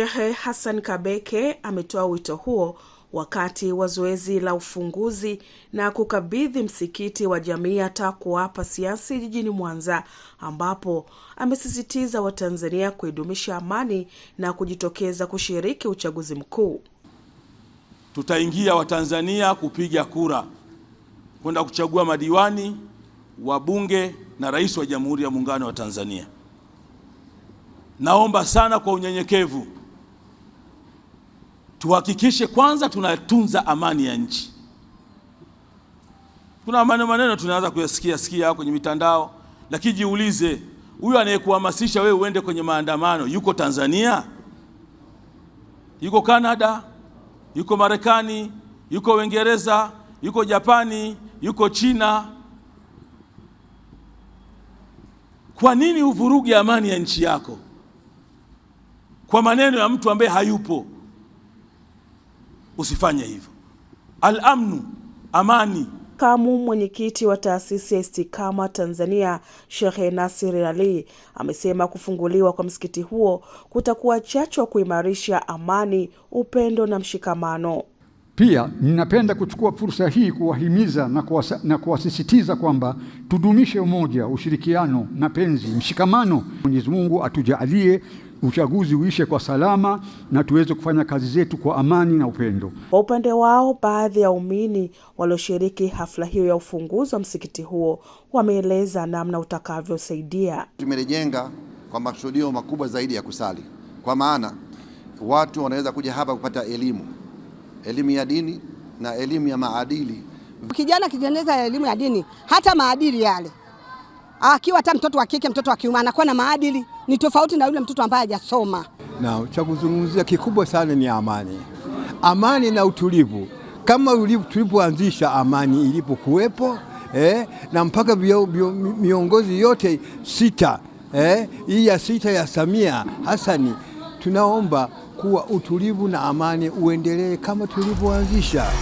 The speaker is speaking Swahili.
Shehe Hassan Kabeke ametoa wito huo wakati wa zoezi la ufunguzi na kukabidhi msikiti wa jamii ya Takwa Pasiansi jijini Mwanza, ambapo amesisitiza Watanzania kuidumisha amani na kujitokeza kushiriki uchaguzi mkuu. Tutaingia Watanzania kupiga kura kwenda kuchagua madiwani, wabunge na rais wa Jamhuri ya Muungano wa Tanzania. Naomba sana kwa unyenyekevu tuhakikishe kwanza tunatunza amani ya nchi. Kuna maneno maneno tunaanza kuyasikia sikia kwenye mitandao, lakini jiulize, huyu anayekuhamasisha wewe uende kwenye maandamano yuko Tanzania, yuko Kanada, yuko Marekani, yuko Uingereza, yuko Japani, yuko China? Kwa nini uvuruge amani ya nchi yako kwa maneno ya mtu ambaye hayupo? usifanye hivyo. Al-amnu, amani. kamu mwenyekiti wa taasisi ya Istikama Tanzania, Shekhe Nasir Ali amesema kufunguliwa kwa msikiti huo kutakuwa chachu ya kuimarisha amani, upendo na mshikamano. Pia ninapenda kuchukua fursa hii kuwahimiza na, kuwasa, na kuwasisitiza kwamba tudumishe umoja, ushirikiano, mapenzi, mshikamano. Mwenyezi Mungu atujaalie uchaguzi uishe kwa salama na tuweze kufanya kazi zetu kwa amani na upendo. Kwa upande wao, baadhi ya waumini walioshiriki hafla hiyo ya ufunguzi wa msikiti huo wameeleza namna utakavyosaidia. Tumelijenga kwa makusudio makubwa zaidi ya kusali, kwa maana watu wanaweza kuja hapa kupata elimu, elimu ya dini na elimu ya maadili. Kijana akijiendeleza elimu ya dini, hata maadili yale, akiwa hata mtoto wa kike, mtoto wa kiume anakuwa na maadili ni tofauti na yule mtoto ambaye hajasoma. Na cha kuzungumzia kikubwa sana ni amani, amani na utulivu, kama tulipoanzisha amani ilipokuwepo eh, na mpaka bio, bio, miongozi yote sita eh, hii ya sita ya Samia Hasani, tunaomba kuwa utulivu na amani uendelee kama tulivyoanzisha.